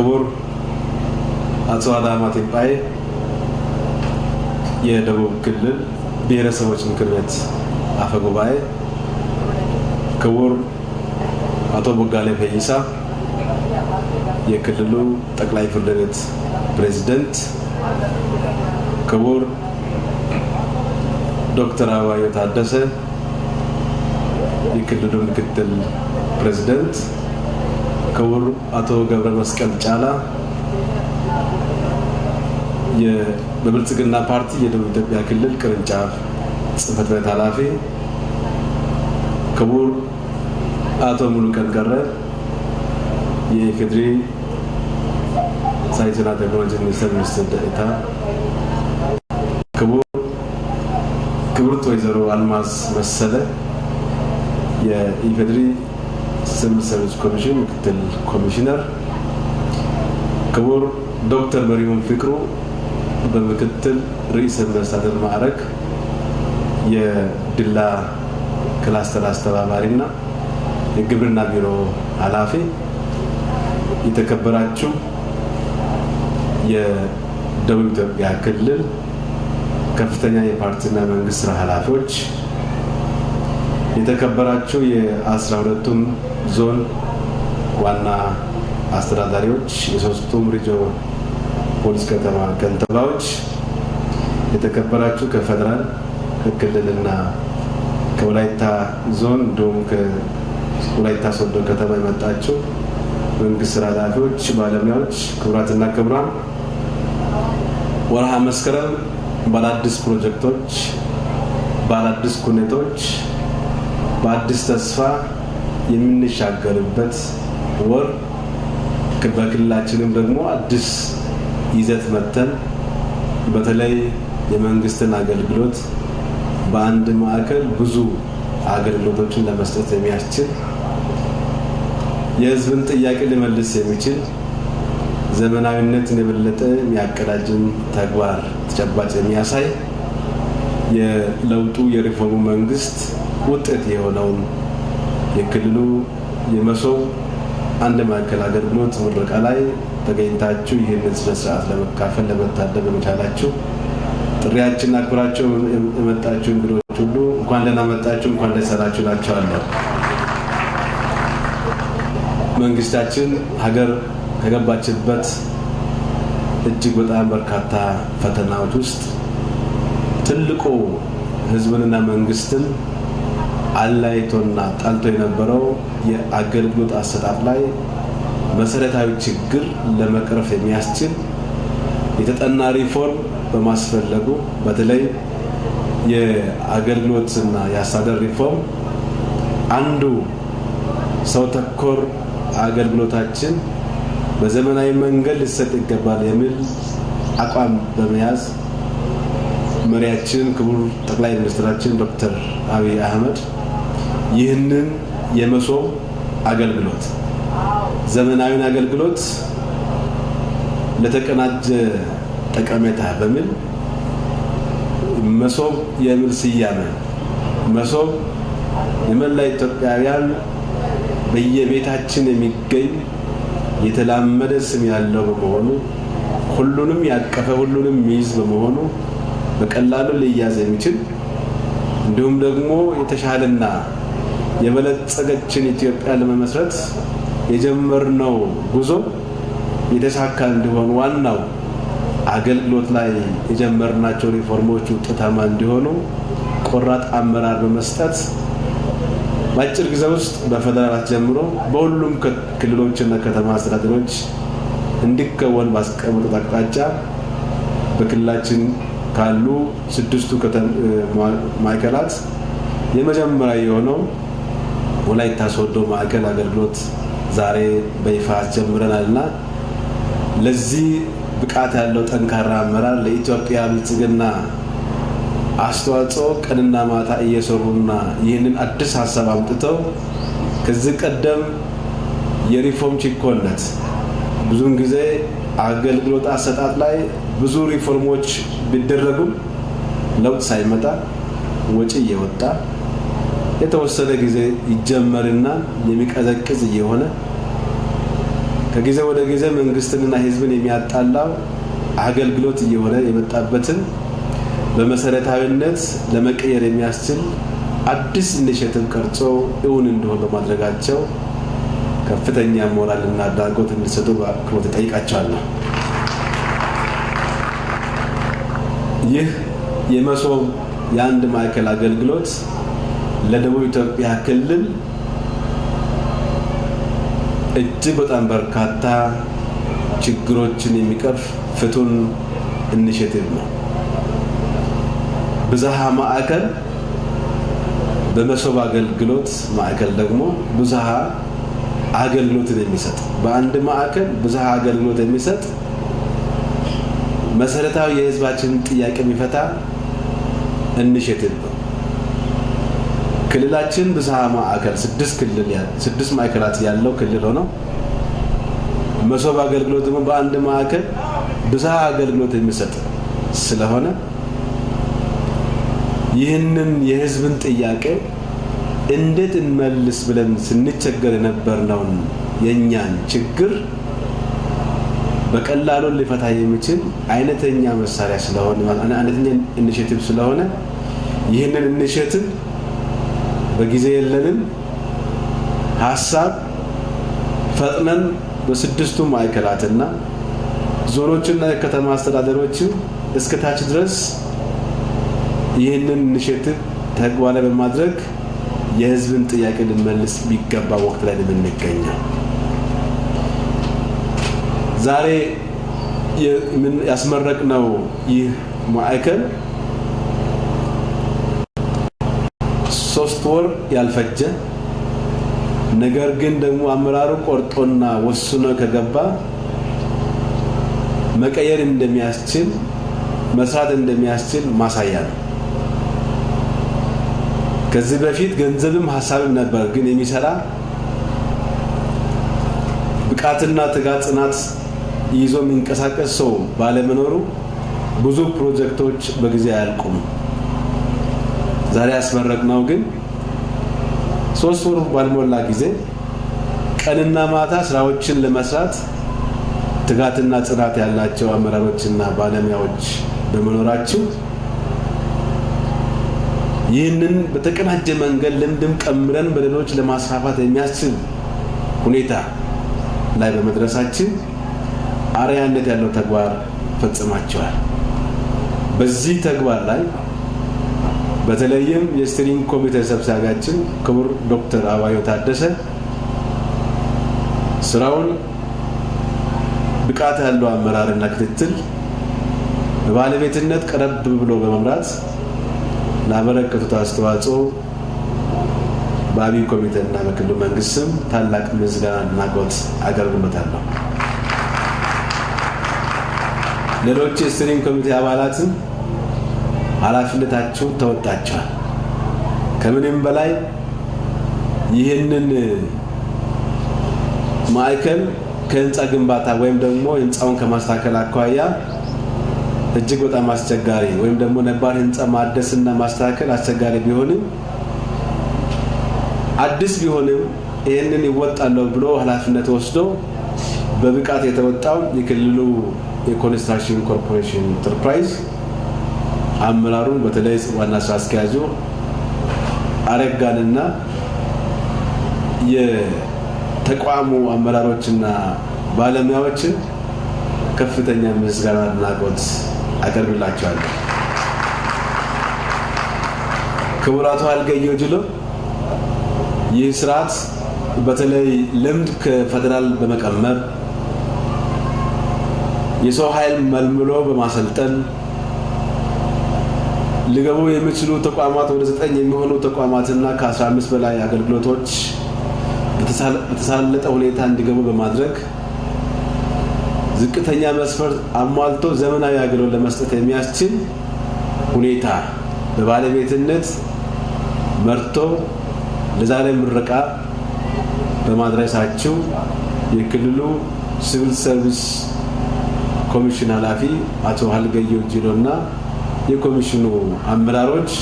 ክቡር አቶ አዳማ ቴባዬ የደቡብ ክልል ብሔረሰቦች ምክር ቤት አፈ ጉባኤ፣ ክቡር አቶ ቦጋሌ ፈይሳ የክልሉ ጠቅላይ ፍርድ ቤት ፕሬዚደንት፣ ክቡር ዶክተር አበባየሁ ታደሰ የክልሉ ምክትል ፕሬዚደንት። ክቡር አቶ ገብረ መስቀል ጫላ በብልጽግና ፓርቲ የደቡብ ኢትዮጵያ ክልል ቅርንጫፍ ጽህፈት ቤት ኃላፊ፣ ክቡር አቶ ሙሉቀን ቀረ የኢፌዴሪ ሳይንስና ቴክኖሎጂ ሚኒስቴር ሚኒስትር ዴኤታ፣ ክቡርት ወይዘሮ አልማዝ መሰለ የኢፌዴሪ ሲቪል ሰርቪስ ኮሚሽን ምክትል ኮሚሽነር፣ ክቡር ዶክተር መሪሁን ፍቅሩ በምክትል ርዕሰ መስተዳድር ማዕረግ የድላ ክላስተር አስተባባሪና የግብርና ቢሮ ኃላፊ፣ የተከበራችሁ የደቡብ ኢትዮጵያ ክልል ከፍተኛ የፓርቲና መንግስት ስራ ኃላፊዎች የተከበራችሁ የአስራ ሁለቱም ዞን ዋና አስተዳዳሪዎች፣ የሶስቱም ሪጆ ፖሊስ ከተማ ከንቲባዎች፣ የተከበራችሁ ከፌደራል ከክልልና ከወላይታ ዞን እንዲሁም ከወላይታ ሶዶ ከተማ የመጣችሁ መንግስት ስራ ኃላፊዎች፣ ባለሙያዎች፣ ክቡራትና ክቡራን ወርሃ መስከረም ባለአዲስ ፕሮጀክቶች፣ ባለአዲስ ኩኔቶች በአዲስ ተስፋ የምንሻገርበት ወር በክልላችንም ደግሞ አዲስ ይዘት መተን በተለይ የመንግስትን አገልግሎት በአንድ ማዕከል ብዙ አገልግሎቶችን ለመስጠት የሚያስችል የህዝብን ጥያቄ ሊመልስ የሚችል ዘመናዊነትን የበለጠ የሚያቀዳጅን ተግባር ተጨባጭ የሚያሳይ የለውጡ የሪፎርሙ መንግስት ውጤት የሆነውን የክልሉ የመሶብ አንድ ማዕከል አገልግሎት ምረቃ ላይ ተገኝታችሁ ይህንን ስነስርዓት ለመካፈል ለመታደም በመቻላችሁ ጥሪያችን አክብራችሁ የመጣችሁ እንግዶች ሁሉ እንኳን ደህና መጣችሁ፣ እንኳን ደስ አላችሁ እላችኋለሁ። መንግስታችን ሀገር ከገባችበት እጅግ በጣም በርካታ ፈተናዎች ውስጥ ትልቁ ህዝብንና መንግስትን አላይቶና ጠልቶ የነበረው የአገልግሎት አሰጣጥ ላይ መሰረታዊ ችግር ለመቅረፍ የሚያስችል የተጠና ሪፎርም በማስፈለጉ በተለይ የአገልግሎትና የአስተዳደር ሪፎርም አንዱ ሰው ተኮር አገልግሎታችን በዘመናዊ መንገድ ሊሰጥ ይገባል የሚል አቋም በመያዝ መሪያችን ክቡር ጠቅላይ ሚኒስትራችን ዶክተር አብይ አህመድ ይህንን የመሶብ አገልግሎት ዘመናዊን አገልግሎት ለተቀናጀ ጠቀሜታ በሚል መሶብ የሚል ስያሜ መሶብ የመላ ኢትዮጵያውያን በየቤታችን የሚገኝ የተላመደ ስም ያለው በመሆኑ ሁሉንም ያቀፈ ሁሉንም የሚይዝ በመሆኑ በቀላሉ ሊያዝ የሚችል እንዲሁም ደግሞ የተሻለና የበለጸገችን ኢትዮጵያ ለመመስረት የጀመርነው ጉዞ የተሳካ እንዲሆን ዋናው አገልግሎት ላይ የጀመርናቸው ሪፎርሞች ውጤታማ እንዲሆኑ ቆራጥ አመራር በመስጠት በአጭር ጊዜ ውስጥ በፌደራላት ጀምሮ በሁሉም ክልሎችና ከተማ አስተዳደሮች እንዲከወን ባስቀመጡት አቅጣጫ በክልላችን ካሉ ስድስቱ ማዕከላት የመጀመሪያ የሆነው ወላይታ ሶዶ ማዕከል አገልግሎት ዛሬ በይፋ አስጀምረናል እና ለዚህ ብቃት ያለው ጠንካራ አመራር ለኢትዮጵያ ብልጽግና አስተዋጽኦ ቀንና ማታ እየሰሩና ይህንን አዲስ ሀሳብ አምጥተው ከዚህ ቀደም የሪፎርም ችኮነት ብዙውን ጊዜ አገልግሎት አሰጣጥ ላይ ብዙ ሪፎርሞች ቢደረጉም ለውጥ ሳይመጣ ወጪ እየወጣ የተወሰነ ጊዜ ይጀመርና የሚቀዘቅዝ እየሆነ ከጊዜ ወደ ጊዜ መንግስትንና ህዝብን የሚያጣላው አገልግሎት እየሆነ የመጣበትን በመሰረታዊነት ለመቀየር የሚያስችል አዲስ ኢኒሽቲቭ ቀርጾ እውን እንዲሆን በማድረጋቸው ከፍተኛ ሞራልና አድናቆት እንዲሰጡ በአክብሮት እጠይቃቸዋለሁ። ይህ የመሶብ የአንድ ማዕከል አገልግሎት ለደቡብ ኢትዮጵያ ክልል እጅግ በጣም በርካታ ችግሮችን የሚቀርፍ ፍቱን ኢኒሼቲቭ ነው። ብዝሃ ማዕከል በመሶብ አገልግሎት ማዕከል ደግሞ ብዝሃ አገልግሎትን የሚሰጥ በአንድ ማዕከል ብዝሃ አገልግሎት የሚሰጥ መሰረታዊ የህዝባችንን ጥያቄ የሚፈታ ኢኒሼቲቭ ነው። ክልላችን ብዝሃ ማዕከል ስድስት ማዕከላት ያለው ክልል ሆኖ መሶብ አገልግሎት ደግሞ በአንድ ማዕከል ብዝሃ አገልግሎት የሚሰጥ ስለሆነ ይህንን የህዝብን ጥያቄ እንዴት እንመልስ ብለን ስንቸገር የነበርነውን የእኛን ችግር በቀላሉ ሊፈታ የሚችል አይነተኛ መሳሪያ ስለሆነ አይነተኛ ኢኒሼቲቭ ስለሆነ ይህንን ኢኒሼቲቭ በጊዜ የለንም። ሀሳብ ፈጥነን በስድስቱ ማዕከላትና ዞኖችና የከተማ አስተዳደሮች እስከታች ድረስ ይህንን ኢኒሼቲቭ ተግባራዊ በማድረግ የህዝብን ጥያቄ ልንመልስ የሚገባ ወቅት ላይ የምንገኘው ዛሬ ያስመረቅነው ይህ ማዕከል ሶስት ወር ያልፈጀ ነገር ግን ደግሞ አመራሩ ቆርጦና ወስኖ ከገባ መቀየር እንደሚያስችል መስራት እንደሚያስችል ማሳያ ነው። ከዚህ በፊት ገንዘብም ሀሳብም ነበር፣ ግን የሚሰራ ብቃትና ትጋት ጽናት ይዞ የሚንቀሳቀስ ሰው ባለመኖሩ ብዙ ፕሮጀክቶች በጊዜ አያልቁም። ዛሬ ያስመረቅነው ግን ሶስት ወር ባልሞላ ጊዜ ቀንና ማታ ስራዎችን ለመስራት ትጋትና ጽናት ያላቸው አመራሮችና ባለሙያዎች በመኖራችሁ ይህንን በተቀናጀ መንገድ ልምድም ቀምረን በሌሎች ለማስፋፋት የሚያስችል ሁኔታ ላይ በመድረሳችን አርያነት ያለው ተግባር ፈጽማቸዋል። በዚህ ተግባር ላይ በተለይም የስትሪንግ ኮሚቴ ሰብሳቢያችን ክቡር ዶክተር አባዮ ታደሰ ስራውን ብቃት ያለው አመራርና ክትትል በባለቤትነት ቀረብ ብሎ በመምራት ላበረከቱት አስተዋጽኦ በአብይ ኮሚቴና በክልሉ መንግስት ስም ታላቅ ምስጋና አድናቆት አቀርብለታለሁ። ሌሎች የስትሪንግ ኮሚቴ አባላትም ኃላፊነታችሁን ተወጣችኋል። ከምንም በላይ ይህንን ማዕከል ከህንፃ ግንባታ ወይም ደግሞ ህንፃውን ከማስተካከል አኳያ እጅግ በጣም አስቸጋሪ ወይም ደግሞ ነባር ህንፃ ማደስና ማስተካከል አስቸጋሪ ቢሆንም አዲስ ቢሆንም ይህንን ይወጣለሁ ብሎ ኃላፊነት ወስዶ በብቃት የተወጣው የክልሉ የኮንስትራክሽን ኮርፖሬሽን ኢንተርፕራይዝ አመራሩን በተለይ ዋና ስራ አስኪያጁ አረጋንና የተቋሙ አመራሮችና ባለሙያዎችን ከፍተኛ ምስጋና አድናቆት አቀርብላቸዋለሁ። ክቡራቱ አልገየው ጅሎ ይህ ስርዓት በተለይ ልምድ ከፌደራል በመቀመር የሰው ኃይል መልምሎ በማሰልጠን ሊገቡ የሚችሉ ተቋማት ወደ ዘጠኝ የሚሆኑ ተቋማትና ከ15 በላይ አገልግሎቶች በተሳለጠ ሁኔታ እንዲገቡ በማድረግ ዝቅተኛ መስፈርት አሟልቶ ዘመናዊ አገልግሎት ለመስጠት የሚያስችል ሁኔታ በባለቤትነት መርቶ ለዛሬ ምረቃ በማድረሳቸው የክልሉ ሲቪል ሰርቪስ ኮሚሽን ኃላፊ አቶ ሀልገየሁ ጅሎ እና የኮሚሽኑ አመራሮች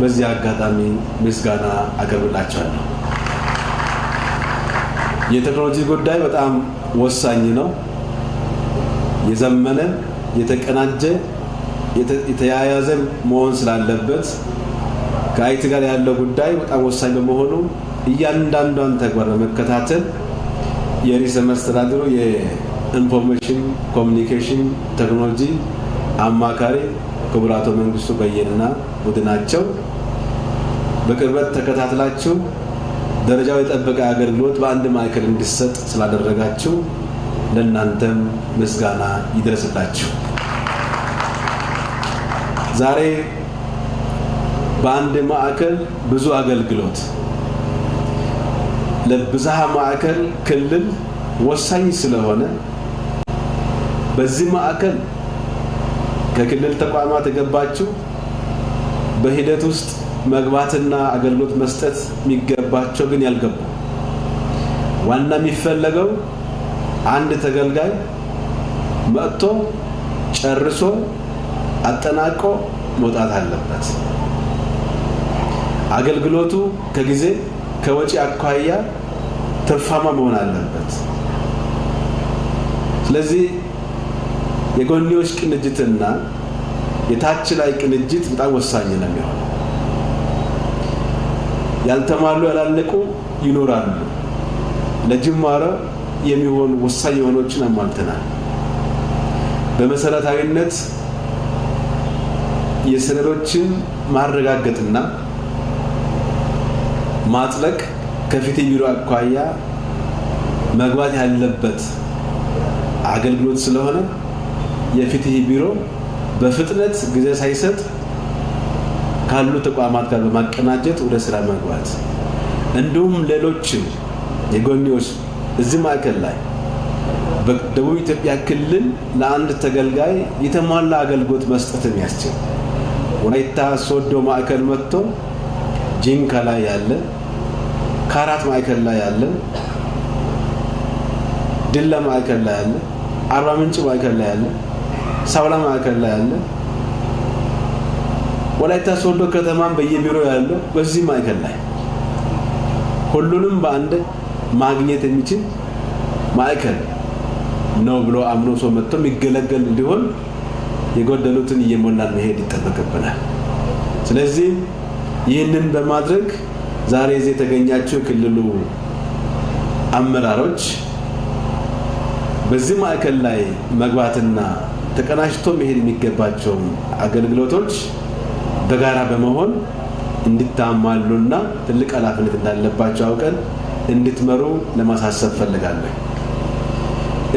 በዚህ አጋጣሚ ምስጋና አቀርብላቸዋለሁ። የቴክኖሎጂ ጉዳይ በጣም ወሳኝ ነው። የዘመነ የተቀናጀ የተያያዘ መሆን ስላለበት ከአይቲ ጋር ያለው ጉዳይ በጣም ወሳኝ በመሆኑ እያንዳንዷን ተግባር በመከታተል የርዕሰ መስተዳድሩ የኢንፎርሜሽን ኮሚኒኬሽን ቴክኖሎጂ አማካሪ ክቡር አቶ መንግስቱ በየነና ቡድናቸው በቅርበት ተከታትላችሁ ደረጃው የጠበቀ አገልግሎት በአንድ ማዕከል እንዲሰጥ ስላደረጋችሁ ለእናንተም ምስጋና ይድረስላችሁ። ዛሬ በአንድ ማዕከል ብዙ አገልግሎት ለብዝሃ ማዕከል ክልል ወሳኝ ስለሆነ በዚህ ማዕከል ከክልል ተቋማት የገባችሁ በሂደት ውስጥ መግባትና አገልግሎት መስጠት የሚገባቸው ግን ያልገቡ ዋና የሚፈለገው አንድ ተገልጋይ መጥቶ ጨርሶ አጠናቆ መውጣት አለበት። አገልግሎቱ ከጊዜ ከወጪ አኳያ ትርፋማ መሆን አለበት። ስለዚህ የጎኔዎች ቅንጅትና የታች ላይ ቅንጅት በጣም ወሳኝ ነው የሚሆነው። ያልተሟሉ ያላለቁ ይኖራሉ። ለጅማረ የሚሆኑ ወሳኝ የሆኖችን አሟልተናል። በመሰረታዊነት የሰነዶችን ማረጋገጥና ማጥለቅ ከፊት ቢሮ አኳያ መግባት ያለበት አገልግሎት ስለሆነ የፍትህ ቢሮ በፍጥነት ጊዜ ሳይሰጥ ካሉ ተቋማት ጋር በማቀናጀት ወደ ስራ መግባት እንዲሁም ሌሎችም የጎንዮሽ እዚህ ማዕከል ላይ በደቡብ ኢትዮጵያ ክልል ለአንድ ተገልጋይ የተሟላ አገልግሎት መስጠት የሚያስችል ወላይታ ሶዶ ማዕከል መጥቶ ጂንካ ላይ ያለ ካራት ማዕከል ላይ ያለ ድለ ማዕከል ላይ ያለ አርባ ምንጭ ማዕከል ላይ ያለ ሳውላ ማዕከል ላይ አለ። ወላይታ ሶዶ ከተማን በየቢሮ ያለው በዚህ ማዕከል ላይ ሁሉንም በአንድ ማግኘት የሚችል ማዕከል ነው ብሎ አምኖ ሰው መጥቶ የሚገለገል እንዲሆን የጎደሉትን እየሞላን መሄድ ይጠበቅብናል። ስለዚህ ይህንን በማድረግ ዛሬ እዚህ የተገኛቸው የክልሉ አመራሮች በዚህ ማዕከል ላይ መግባትና ተቀናጅቶ መሄድ የሚገባቸውን አገልግሎቶች በጋራ በመሆን እንድታሟሉና ትልቅ ኃላፊነት እንዳለባቸው አውቀን እንድትመሩ ለማሳሰብ ፈልጋለሁ።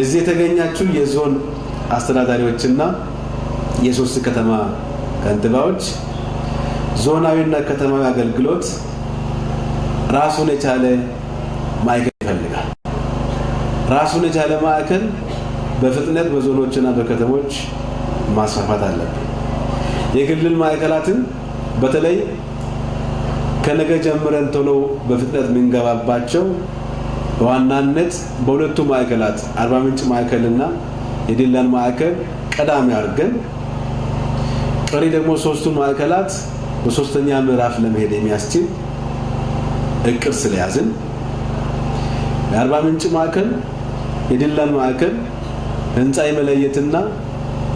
እዚህ የተገኛችሁ የዞን አስተዳዳሪዎችና የሶስት ከተማ ከንቲባዎች ዞናዊና ከተማዊ አገልግሎት ራሱን የቻለ ማዕከል ይፈልጋል። ራሱን የቻለ ማዕከል በፍጥነት በዞኖችና በከተሞች ማስፋፋት አለብን። የክልል ማዕከላትን በተለይ ከነገ ጀምረን ቶሎ በፍጥነት የምንገባባቸው በዋናነት በሁለቱ ማዕከላት አርባ ምንጭ ማዕከልና የዲላን ማዕከል ቀዳሚ አድርገን ቀሪ ደግሞ ሶስቱ ማዕከላት በሶስተኛ ምዕራፍ ለመሄድ የሚያስችል እቅድ ስለያዝን የአርባ ምንጭ ማዕከል፣ የዲላን ማዕከል ህንፃ የመለየትና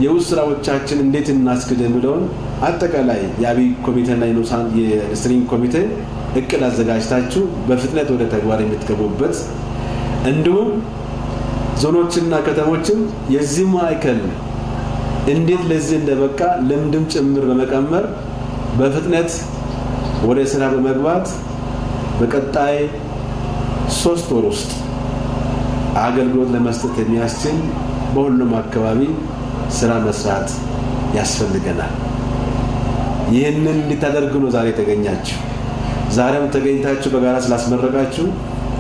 የውስጥ ስራዎቻችን እንዴት እናስክድ የሚለውን አጠቃላይ የአብይ ኮሚቴና የስትሪንግ ኮሚቴ እቅድ አዘጋጅታችሁ በፍጥነት ወደ ተግባር የምትገቡበት እንዲሁም ዞኖችና ከተሞችም የዚህ ማዕከል እንዴት ለዚህ እንደበቃ ልምድም ጭምር በመቀመር በፍጥነት ወደ ስራ በመግባት በቀጣይ ሶስት ወር ውስጥ አገልግሎት ለመስጠት የሚያስችል በሁሉም አካባቢ ስራ መስራት ያስፈልገናል። ይህንን እንድታደርጉ ነው ዛሬ የተገኛችሁ። ዛሬም ተገኝታችሁ በጋራ ስላስመረቃችሁ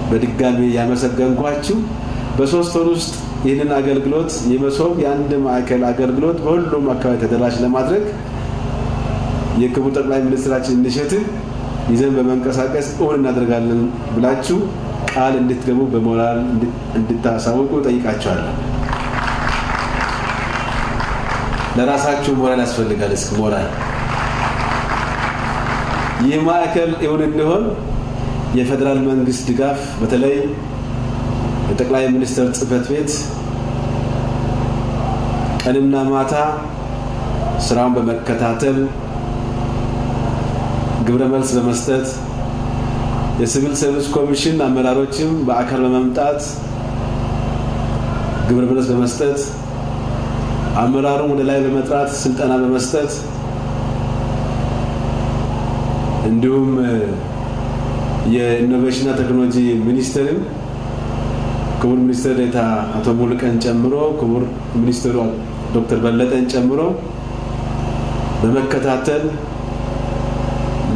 በድጋሚ ያመሰገንኳችሁ። በሶስት ወር ውስጥ ይህንን አገልግሎት የመሶብ የአንድ ማዕከል አገልግሎት በሁሉም አካባቢ ተደራሽ ለማድረግ የክቡር ጠቅላይ ሚኒስትራችን እንሸትን ይዘን በመንቀሳቀስ እውን እናደርጋለን ብላችሁ ቃል እንድትገቡ በሞራል እንድታሳውቁ ጠይቃቸዋለሁ። ለራሳችሁ ሞራል ያስፈልጋል። እስኪ ሞራል ይህ ማዕከል እውን የፌደራል የፌዴራል መንግስት ድጋፍ በተለይ የጠቅላይ ሚኒስትር ጽህፈት ቤት ቀንና ማታ ስራውን በመከታተል ግብረ መልስ በመስጠት የሲቪል ሰርቪስ ኮሚሽን አመራሮችም በአካል በመምጣት ግብረ መልስ በመስጠት አመራሩን ወደ ላይ በመጥራት ስልጠና በመስጠት እንዲሁም የኢኖቬሽንና ቴክኖሎጂ ሚኒስቴር ክቡር ሚኒስትር ዴኤታ አቶ ሙሉቀን ጨምሮ ክቡር ሚኒስትሩ ዶክተር በለጠን ጨምሮ በመከታተል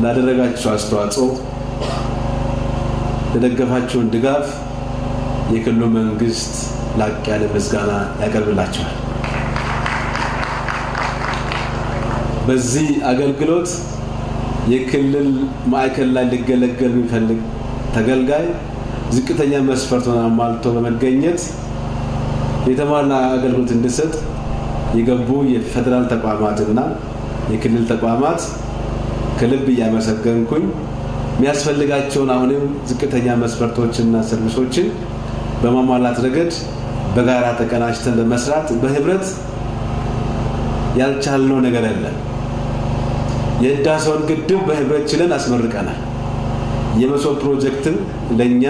ላደረጋችሁ አስተዋጽኦ ለደገፋችሁን ድጋፍ የክልሉ መንግስት ላቅ ያለ ምስጋና ያቀርብላቸዋል። በዚህ አገልግሎት የክልል ማዕከል ላይ ሊገለገል የሚፈልግ ተገልጋይ ዝቅተኛ መስፈርቱን አሟልቶ በመገኘት የተሟላ አገልግሎት እንዲሰጥ የገቡ የፌዴራል ተቋማትና የክልል ተቋማት ከልብ እያመሰገንኩኝ የሚያስፈልጋቸውን አሁንም ዝቅተኛ መስፈርቶችንና ሰርቪሶችን በማሟላት ረገድ በጋራ ተቀናጅተን በመስራት በህብረት ያልቻልነው ነገር የለም። የህዳሴውን ግድብ በህብረት ችለን አስመርቀናል። የመሶብ ፕሮጀክትን ለእኛ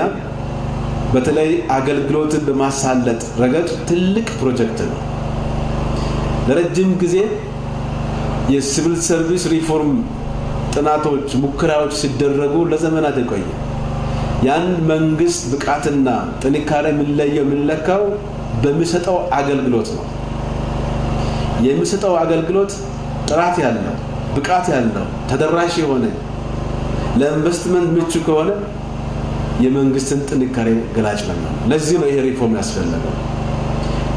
በተለይ አገልግሎትን በማሳለጥ ረገድ ትልቅ ፕሮጀክት ነው። ለረጅም ጊዜ የሲቪል ሰርቪስ ሪፎርም ጥናቶች፣ ሙከራዎች ሲደረጉ ለዘመናት የቆየ ያን መንግስት ብቃትና ጥንካሬ የምንለየው የምንለካው በሚሰጠው አገልግሎት ነው። የሚሰጠው አገልግሎት ጥራት ያለው ብቃት ያለው ተደራሽ የሆነ ለኢንቨስትመንት ምቹ ከሆነ የመንግስትን ጥንካሬ ገላጭ ነው። ለዚህ ነው ይሄ ሪፎርም ያስፈለገው።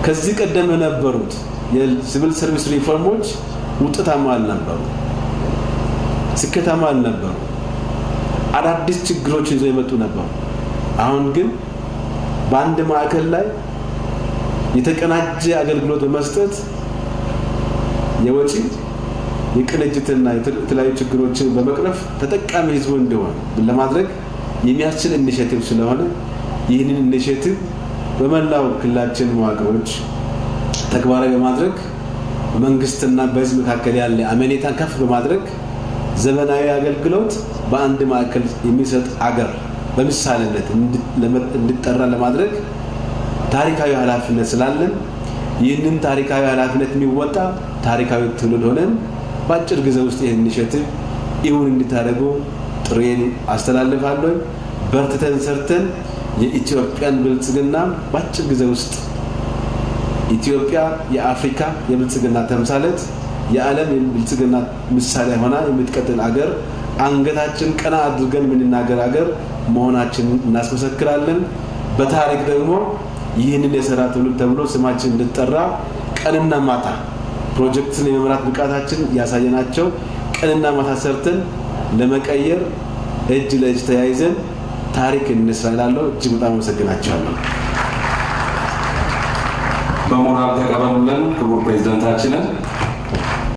ከዚህ ቀደም የነበሩት የሲቪል ሰርቪስ ሪፎርሞች ውጤታማ አልነበሩ፣ ስኬታማ አልነበሩ፣ አዳዲስ ችግሮች ይዘው የመጡ ነበሩ። አሁን ግን በአንድ ማዕከል ላይ የተቀናጀ አገልግሎት በመስጠት የወጪ የቅንጅትና የተለያዩ ችግሮችን በመቅረፍ ተጠቃሚ ህዝቡ እንዲሆን ለማድረግ የሚያስችል ኢኒሽቲቭ ስለሆነ ይህንን ኢኒሽቲቭ በመላው ክልላችን መዋቅሮች ተግባራዊ በማድረግ መንግስትና በህዝብ መካከል ያለ አመኔታን ከፍ በማድረግ ዘመናዊ አገልግሎት በአንድ ማዕከል የሚሰጥ አገር በምሳሌነት እንዲጠራ ለማድረግ ታሪካዊ ኃላፊነት ስላለን ይህንን ታሪካዊ ኃላፊነት የሚወጣ ታሪካዊ ትውልድ ሆነን በአጭር ጊዜ ውስጥ ይህን ኢኒሼቲቭ ይሁን እንድታደርጉ ጥሬን አስተላልፋለሁ። በርትተን ሰርተን የኢትዮጵያን ብልጽግና በአጭር ጊዜ ውስጥ ኢትዮጵያ የአፍሪካ የብልጽግና ተምሳሌት የዓለም የብልጽግና ምሳሌ ሆና የምትቀጥል አገር አንገታችን ቀና አድርገን የምንናገር አገር መሆናችን እናስመሰክራለን። በታሪክ ደግሞ ይህንን የሰራ ትውልድ ተብሎ ስማችን እንድጠራ ቀንና ማታ ፕሮጀክትን የመምራት ብቃታችን ያሳየናቸው ቀንና ማታ ሰርተን ለመቀየር እጅ ለእጅ ተያይዘን ታሪክ እንስራ እላለሁ። እጅግ በጣም አመሰግናቸዋለሁ። በሞራል ተቀበሉልን ክቡር ፕሬዚደንታችንን።